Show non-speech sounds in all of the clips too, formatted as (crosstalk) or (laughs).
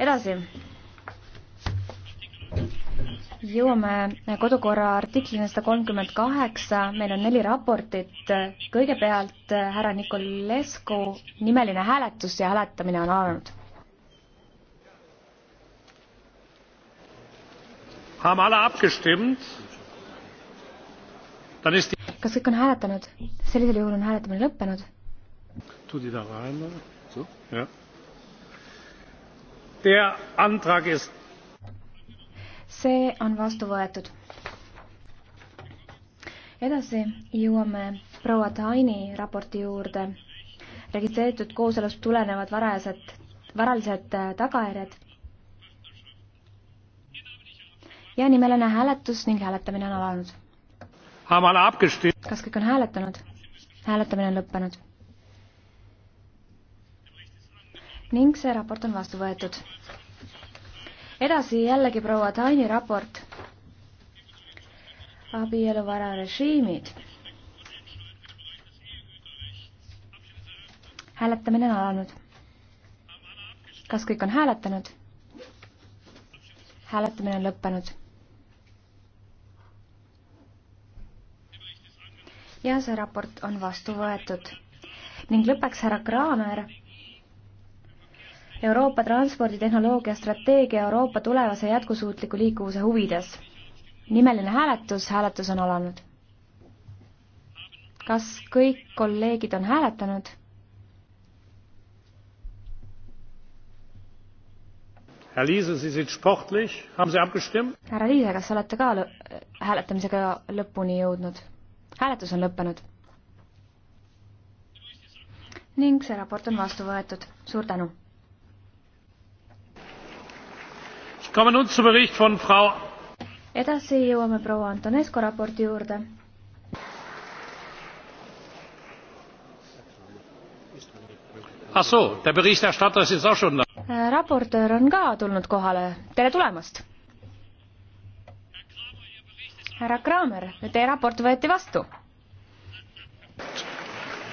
edasi. jõuame kodukorra artiklini sada kolmkümmend kaheksa, meil on neli raportit. kõigepealt härra Nikolescu nimeline hääletus ja hääletamine on alanud. kas kõik on hääletanud? sellisel juhul on hääletamine lõppenud. tuli ta vahele? jah Ist... see on vastu võetud. edasi jõuame proua Taini raporti juurde. registreeritud kooselust tulenevad varajased, varalised äh, tagajärjed. ja nimeline hääletus ning hääletamine on alanud. kas kõik on hääletanud? hääletamine on lõppenud ning see raport on vastu võetud. edasi jällegi proua Taini raport abieluvara režiimid. hääletamine on alanud. kas kõik on hääletanud? hääletamine on lõppenud. ja see raport on vastu võetud ning lõppeks härra Kraamer Euroopa transporditehnoloogia strateegia Euroopa tulevase jätkusuutliku liikuvuse huvides. nimeline hääletus, hääletus on alanud. kas kõik kolleegid on hääletanud? härra Liise, kas olete ka lõ hääletamisega lõpuni jõudnud? hääletus on lõppenud. ning see raport on vastu võetud. suur tänu! edasi jõuame proua Antonescu raporti juurde. Äh, raportöör on ka tulnud kohale, tere tulemast! härra Kramer, teie raport võeti vastu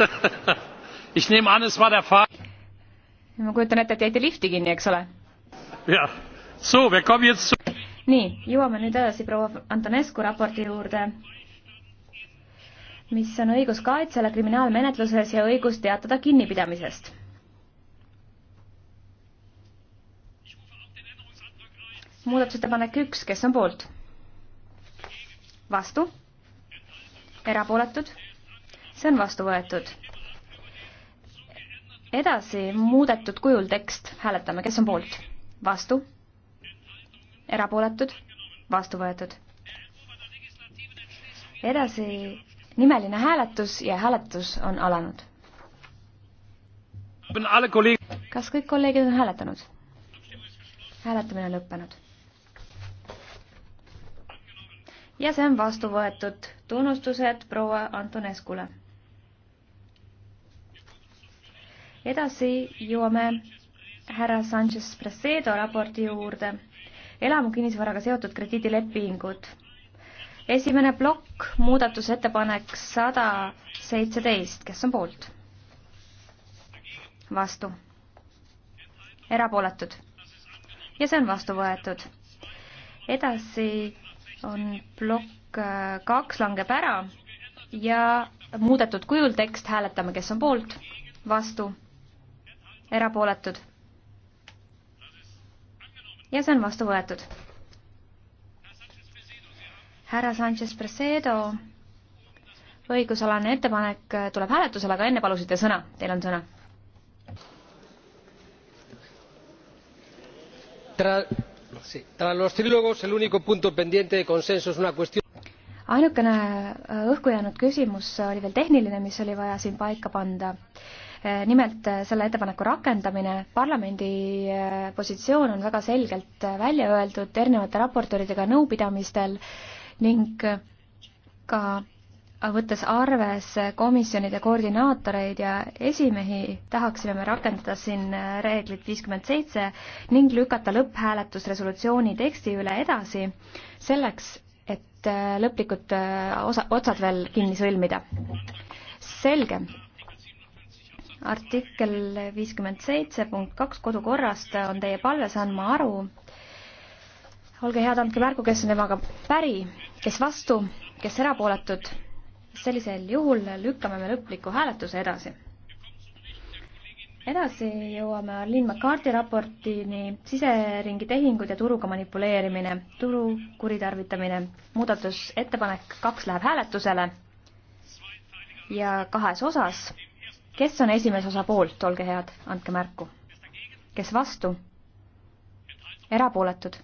(laughs) ma kujutan ette, et jäite lifti kinni, eks ole? jah nii, jõuame nüüd edasi proua Antonescu raporti juurde, mis on õigus kaitsele kriminaalmenetluses ja õigus teatada kinnipidamisest. muudatusettepanek üks, kes on poolt? vastu? erapooletud? see on vastu võetud. edasi muudetud kujul tekst, hääletame, kes on poolt? vastu? erapooletud, vastu võetud. edasi nimeline hääletus ja hääletus on alanud. kas kõik kolleegid on hääletanud? hääletamine on lõppenud. ja see on vastu võetud. tunnustused proua Antoneskule. edasi jõuame härra Sanchez Presedo raporti juurde elamukinnisvaraga seotud krediidilepingud. esimene plokk, muudatusettepanek sada seitseteist, kes on poolt? vastu. erapooletud. ja see on vastu võetud. edasi on plokk äh, kaks langeb ära ja muudetud kujul tekst hääletame, kes on poolt, vastu, erapooletud ja see on vastu võetud. härra Sanchez Presedo, õigusalane ettepanek tuleb hääletusele, aga enne palusite sõna, teil on sõna. ainukene äh, õhku jäänud küsimus oli veel tehniline, mis oli vaja siin paika panda Eh, nimelt eh, selle ettepaneku rakendamine. parlamendi eh, positsioon on väga selgelt välja öeldud erinevate raportööridega nõupidamistel ning ka võttes arves komisjonide koordinaatoreid ja esimehi, tahaksime me rakendada siin reeglit viiskümmend seitse ning lükata lõpphääletus resolutsiooni teksti üle edasi, selleks et lõplikud osa, otsad veel kinni sõlmida. selge artikkel viiskümmend seitse punkt kaks kodukorrast on teie palves andma aru. olge head, andke märku, kes on temaga päri, kes vastu, kes erapooletud. sellisel juhul lükkame me lõpliku hääletuse edasi. edasi jõuame Arlene McCarthy raportini Siseringi tehingud ja turuga manipuleerimine, turu kuritarvitamine. muudatusettepanek kaks läheb hääletusele ja kahes osas kes on esimese osa poolt, olge head, andke märku. kes vastu? erapooletud?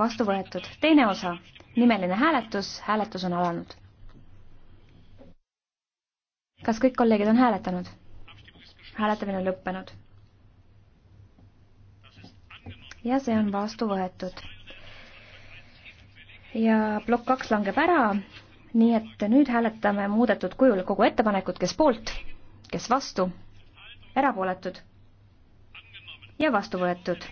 vastu võetud. teine osa, nimeline hääletus, hääletus on alanud. kas kõik kolleegid on hääletanud? hääletamine on lõppenud. ja see on vastu võetud. ja plokk kaks langeb ära nii et nüüd hääletame muudetud kujul kogu ettepanekut, kes poolt, kes vastu, erapooletud ja vastu võetud.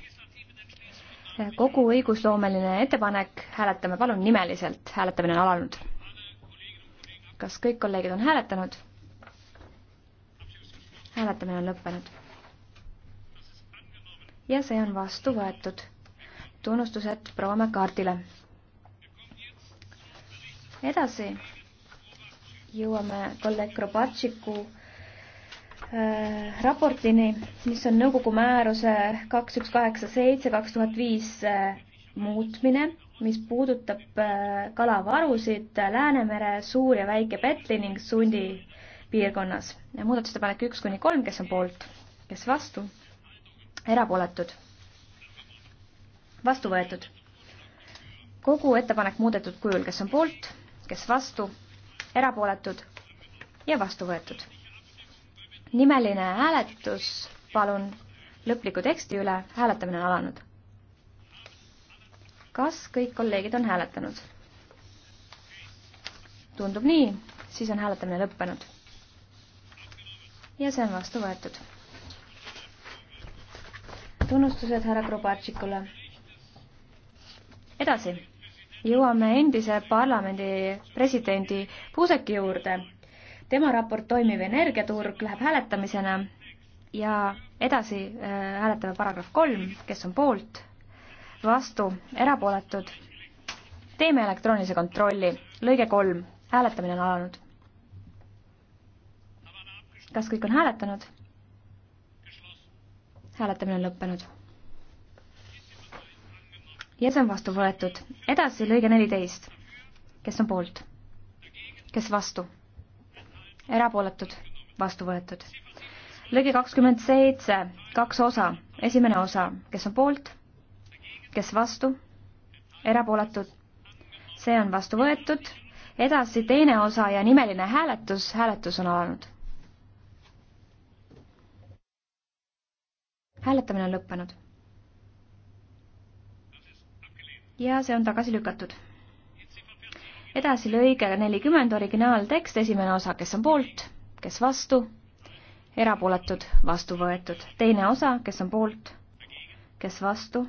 kogu õigusloomeline ettepanek hääletame palun nimeliselt, hääletamine on alanud. kas kõik kolleegid on hääletanud? hääletamine on lõppenud. ja see on vastu võetud. tunnustused proua McCartile edasi jõuame kolleeg Krobatšiku äh, raportini, mis on nõukogu määruse kaks üks kaheksa seitse kaks tuhat viis äh, muutmine, mis puudutab äh, kalavarusid Läänemere, Suur- ja Väike-Petli ning Sundi piirkonnas. muudatusettepanek üks kuni kolm, kes on poolt, kes vastu, erapooletud, vastu võetud. kogu ettepanek muudetud kujul, kes on poolt, kes vastu, erapooletud ja vastu võetud. nimeline hääletus, palun lõpliku teksti üle, hääletamine on alanud. kas kõik kolleegid on hääletanud? tundub nii, siis on hääletamine lõppenud. ja see on vastu võetud. tunnustused härra Krubatšikule. edasi jõuame endise parlamendi presidendi Puuseki juurde. tema raport Toimiv energiaturg läheb hääletamisena ja edasi äh, hääletame paragrahv kolm, kes on poolt, vastu, erapooletud. teeme elektroonilise kontrolli. lõige kolm, hääletamine on alanud. kas kõik on hääletanud? hääletamine on lõppenud ja see on vastu võetud. edasi lõige neliteist. kes on poolt? kes vastu? erapooletud, vastu võetud. lõige kakskümmend seitse, kaks osa, esimene osa, kes on poolt? kes vastu? erapooletud. see on vastu võetud. edasi teine osa ja nimeline hääletus, hääletus on alanud. hääletamine on lõppenud ja see on tagasi lükatud. edasi lõige nelikümmend, originaaltekst, esimene osa, kes on poolt, kes vastu, erapooletud, vastu võetud. teine osa, kes on poolt, kes vastu,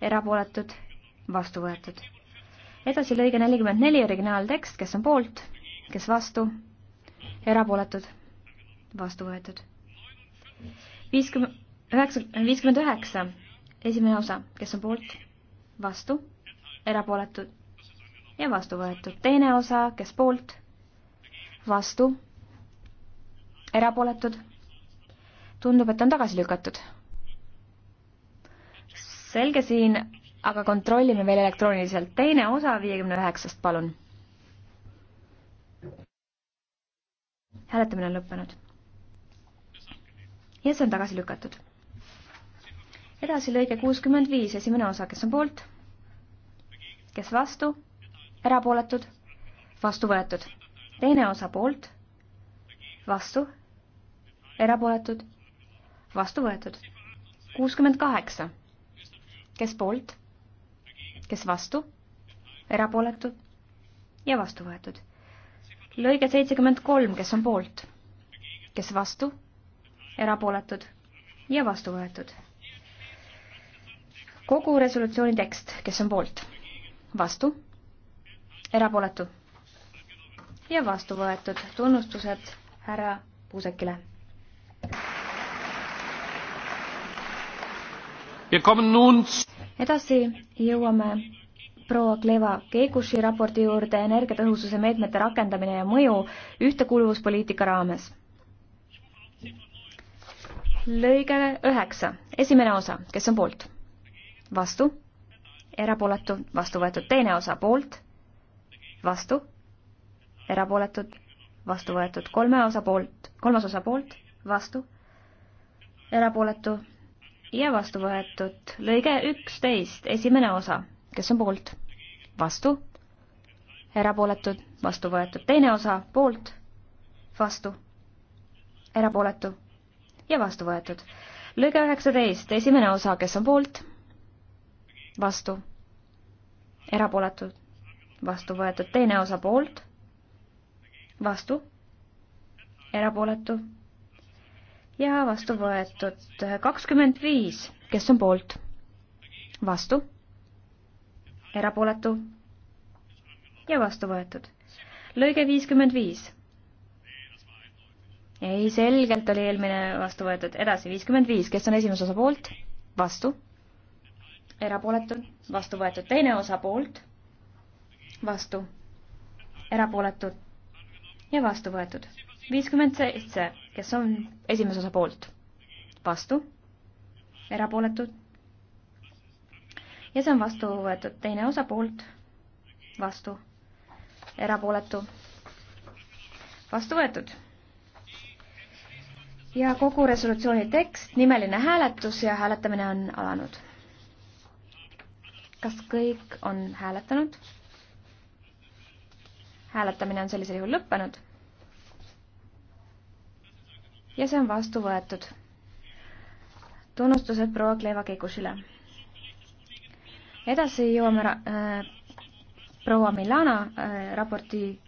erapooletud, vastu võetud. edasi lõige nelikümmend neli, originaaltekst, kes on poolt, kes vastu, erapooletud, vastu võetud. viiskümmend, üheksa, viiskümmend üheksa, esimene osa, kes on poolt vastu, erapooletud ja vastu võetud. teine osa, kes poolt, vastu, erapooletud. tundub, et on tagasi lükatud. selge siin, aga kontrollime veel elektrooniliselt. teine osa viiekümne üheksast, palun. hääletamine on lõppenud. ja see on tagasi lükatud edasi lõige kuuskümmend viis, esimene osa, kes on poolt? kes vastu? erapooletud? vastu võetud. teine osa poolt? vastu? erapooletud? vastu võetud. kuuskümmend kaheksa. kes poolt? kes vastu? erapooletud? ja vastu võetud. lõige seitsekümmend kolm, kes on poolt? kes vastu? erapooletud ja vastu võetud kogu resolutsiooni tekst, kes on poolt? vastu? erapooletu? ja vastu võetud tunnustused härra Puusekile. edasi jõuame proua Kleva Keegushi raporti juurde energiatõhususe meetmete rakendamine ja mõju ühtekuuluvuspoliitika raames. lõige üheksa, esimene osa, kes on poolt? vastu, erapooletu, vastu võetud teine osa poolt, vastu, erapooletud, vastu võetud kolme osa poolt, kolmas osa poolt, vastu, erapooletu ja vastu võetud lõige üksteist, esimene osa, kes on poolt, vastu, erapooletud, vastu võetud teine osa, poolt, vastu, erapooletu ja vastu võetud. lõige üheksateist, esimene osa, kes on poolt vastu, erapooletud, vastu võetud, teine osa poolt, vastu, erapooletu ja vastu võetud kakskümmend viis, kes on poolt, vastu, erapooletu ja vastu võetud. lõige viiskümmend viis. ei, selgelt oli eelmine vastu võetud, edasi viiskümmend viis, kes on esimese osa poolt, vastu erapooletud, vastu võetud. teine osa poolt, vastu, erapooletud ja vastu võetud. viiskümmend seitse, kes on esimese osa poolt, vastu, erapooletud ja see on vastu võetud. teine osa poolt, vastu, erapooletu, vastu võetud. ja kogu resolutsiooni tekst, nimeline hääletus ja hääletamine on alanud kas kõik on hääletanud? hääletamine on sellisel juhul lõppenud. ja see on vastu võetud. tunnustused proua Kleva Keikušile. edasi jõuame äh, proua Milana äh, raporti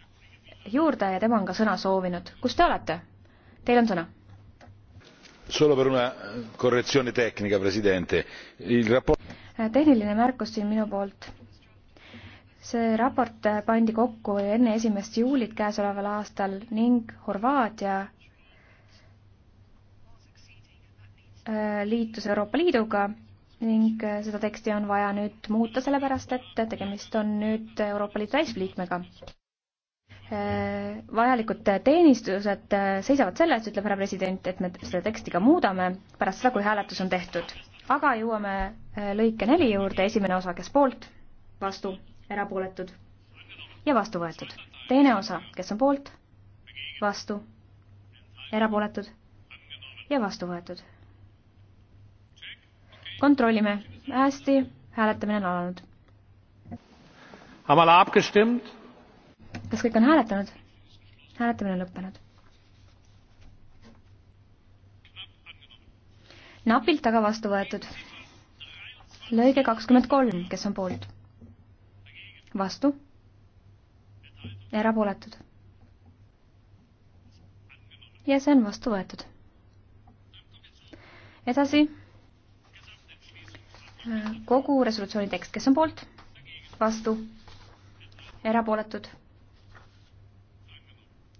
juurde ja tema on ka sõna soovinud. kus te olete? Teil on sõna. Solo per una correzione tecnica, Presidente. Il rapporto Äh, tehniline märkus siin minu poolt. see raport äh, pandi kokku enne esimest juulit käesoleval aastal ning Horvaatia äh, liitus Euroopa Liiduga ning seda teksti on vaja nüüd muuta, sellepärast et tegemist on nüüd Euroopa Liidu täisliikmega. Vajalikud teenistused seisavad selle eest, ütleb härra president, et me seda teksti ka muudame pärast seda, kui hääletus on tehtud. aga jõuame Äh, lõike neli juurde, esimene osa, kes poolt, vastu, erapooletud ja vastu võetud. teine osa, kes on poolt, vastu, erapooletud ja vastu võetud. kontrollime, hästi, hääletamine on alanud kas kõik on hääletanud? hääletamine on lõppenud. napilt aga vastu võetud lõige kakskümmend kolm, kes on poolt? vastu? erapooletud? ja see on vastu võetud. edasi. kogu resolutsiooni tekst, kes on poolt? vastu? erapooletud?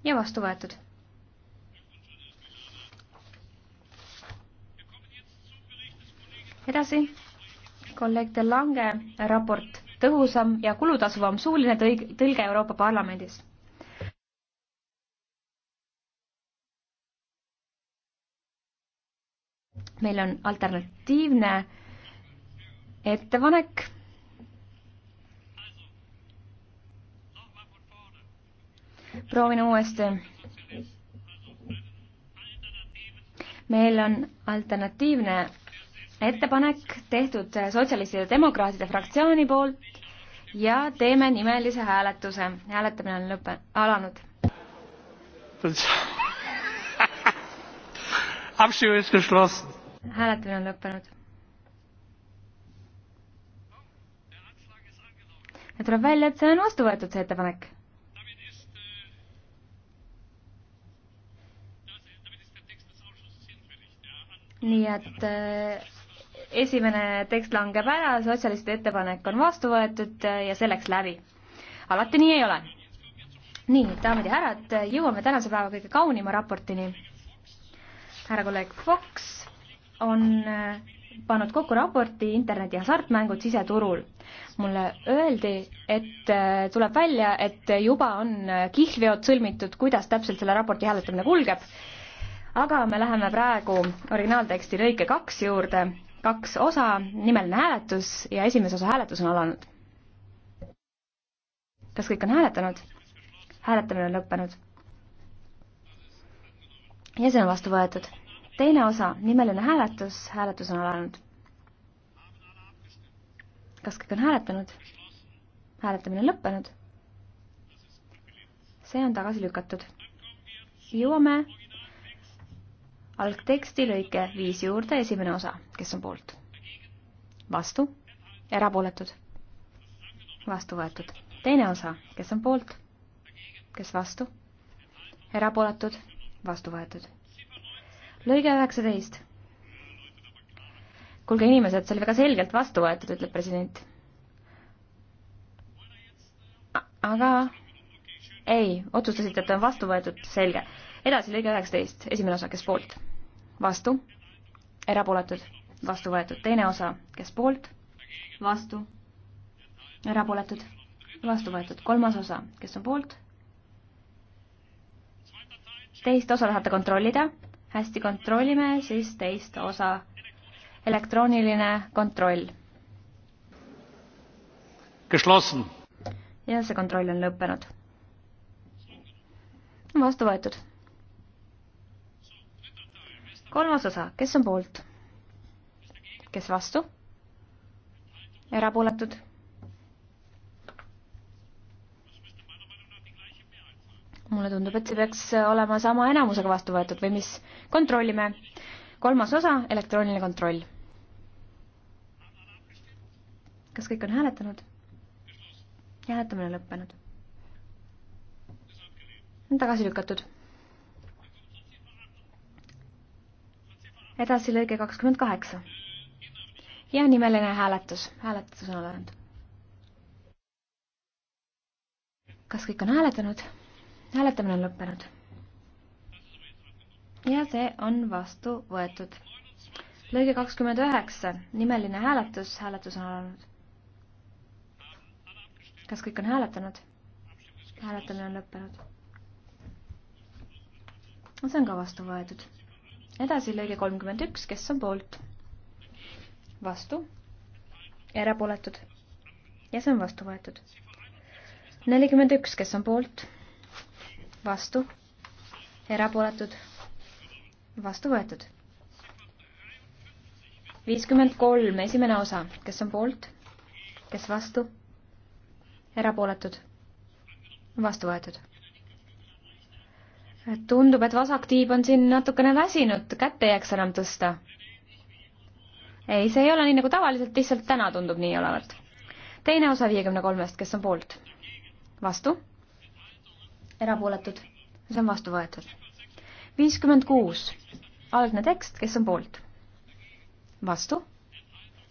ja vastu võetud. edasi kolleeg De Lange raport Tõhusam ja kulutasuvam suuline tõlge Euroopa Parlamendis meil on alternatiivne ettepanek. proovin uuesti. meil on alternatiivne ettepanek tehtud sotsialistide demokraatide fraktsiooni poolt ja teeme nimelise hääletuse. hääletamine on lõppe-, alanud. (laughs) hääletamine on lõppenud. ja tuleb välja, et see on vastu võetud, see ettepanek. nii et äh, esimene tekst langeb ära, sotsialistide ettepanek on vastu võetud ja see läks läbi. alati nii ei ole. nii, daamid ja härrad, jõuame tänase päeva kõige kaunima raportini. härra kolleeg Fox on äh, pannud kokku raporti interneti hasartmängud siseturul. mulle öeldi, et äh, tuleb välja, et juba on äh, kihlveod sõlmitud, kuidas täpselt selle raporti hääletamine kulgeb. aga me läheme praegu originaalteksti lõike kaks juurde kaks osa, nimeline hääletus ja esimese osa hääletus on alanud. kas kõik on hääletanud? hääletamine on lõppenud. ja see on vastu võetud. teine osa, nimeline hääletus, hääletus on alanud. kas kõik on hääletanud? hääletamine on lõppenud. see on tagasi lükatud. jõuame algteksti lõike viis juurde esimene osa, kes on poolt? vastu, erapooletud, vastu võetud. teine osa, kes on poolt? kes vastu? erapooletud, vastu võetud. lõige üheksateist. kuulge, inimesed, see oli väga selgelt vastu võetud, ütleb president. aga ei, otsustasite, et on vastu võetud, selge edasi lõige üheksateist, esimene osa, kes poolt? vastu, erapooletud, vastu võetud, teine osa, kes poolt? vastu, erapooletud, vastu võetud, kolmas osa, kes on poolt? teist osa tahate kontrollida? hästi, kontrollime siis teist osa. elektrooniline kontroll. ja see kontroll on lõppenud. vastu võetud kolmas osa, kes on poolt? kes vastu? erapooletud? mulle tundub, et see peaks olema sama enamusega vastu võetud või mis, kontrollime. kolmas osa, elektrooniline kontroll. kas kõik on hääletanud? hääletamine lõppenud. tagasi lükatud edasi lõige kakskümmend kaheksa. ja nimeline hääletus, hääletus on alanud. kas kõik on hääletanud? hääletamine on lõppenud. ja see on vastu võetud. lõige kakskümmend üheksa, nimeline hääletus, hääletus on alanud. kas kõik on hääletanud? hääletamine on lõppenud. see on ka vastu võetud edasi lõige kolmkümmend üks, kes on poolt? vastu, erapooletud ja see on vastu võetud. nelikümmend üks, kes on poolt? vastu, erapooletud, vastu võetud. viiskümmend kolm, esimene osa, kes on poolt? kes vastu? erapooletud, vastu võetud tundub, et vasaktiib on siin natukene väsinud, kätt ei jaksa enam tõsta. ei, see ei ole nii nagu tavaliselt, lihtsalt täna tundub nii olevat. teine osa viiekümne kolmest, kes on poolt? vastu? erapooletud? see on vastu võetud. viiskümmend kuus, algne tekst, kes on poolt? vastu?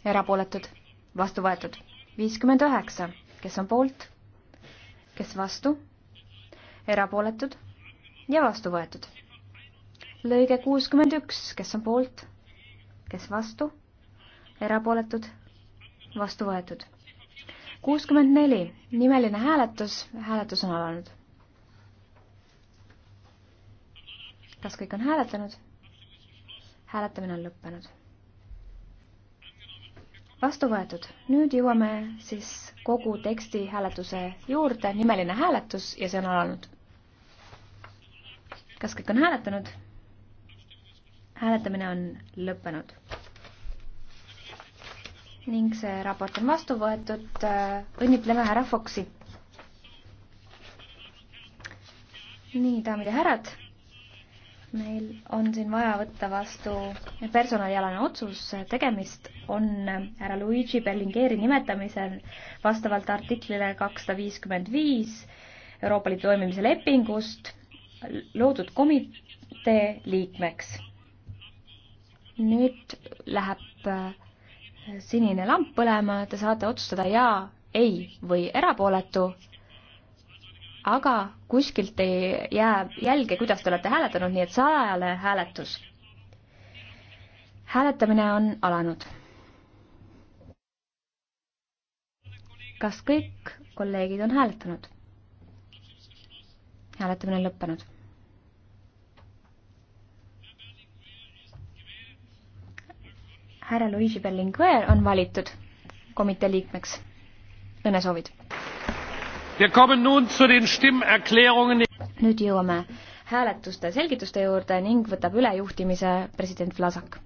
erapooletud? vastu võetud. viiskümmend üheksa, kes on poolt? kes vastu? erapooletud? ja vastu võetud. lõige kuuskümmend üks, kes on poolt, kes vastu, erapooletud, vastu võetud. kuuskümmend neli, nimeline hääletus, hääletus on alanud. kas kõik on hääletanud? hääletamine on lõppenud. vastu võetud. nüüd jõuame siis kogu teksti hääletuse juurde, nimeline hääletus ja see on alanud kas kõik on hääletanud? hääletamine on lõppenud. ning see raport on vastu võetud. õnnitleme härra Foxi. nii, daamid ja härrad, meil on siin vaja võtta vastu personalialane otsus. tegemist on härra Luigi Berlingeri nimetamisel vastavalt artiklile kakssada viiskümmend viis Euroopa Liidu toimimise lepingust loodud komitee liikmeks. nüüd läheb äh, sinine lamp põlema, te saate otsustada jaa, ei või erapooletu, aga kuskilt ei jää jälge, kuidas te olete hääletanud, nii et salajale hääletus. hääletamine on alanud. kas kõik kolleegid on hääletanud? hääletamine on lõppenud. härra Luigi Berlinguer on valitud komitee liikmeks. õnnesoovid. nüüd jõuame hääletuste selgituste juurde ning võtab üle juhtimise president Vlasak.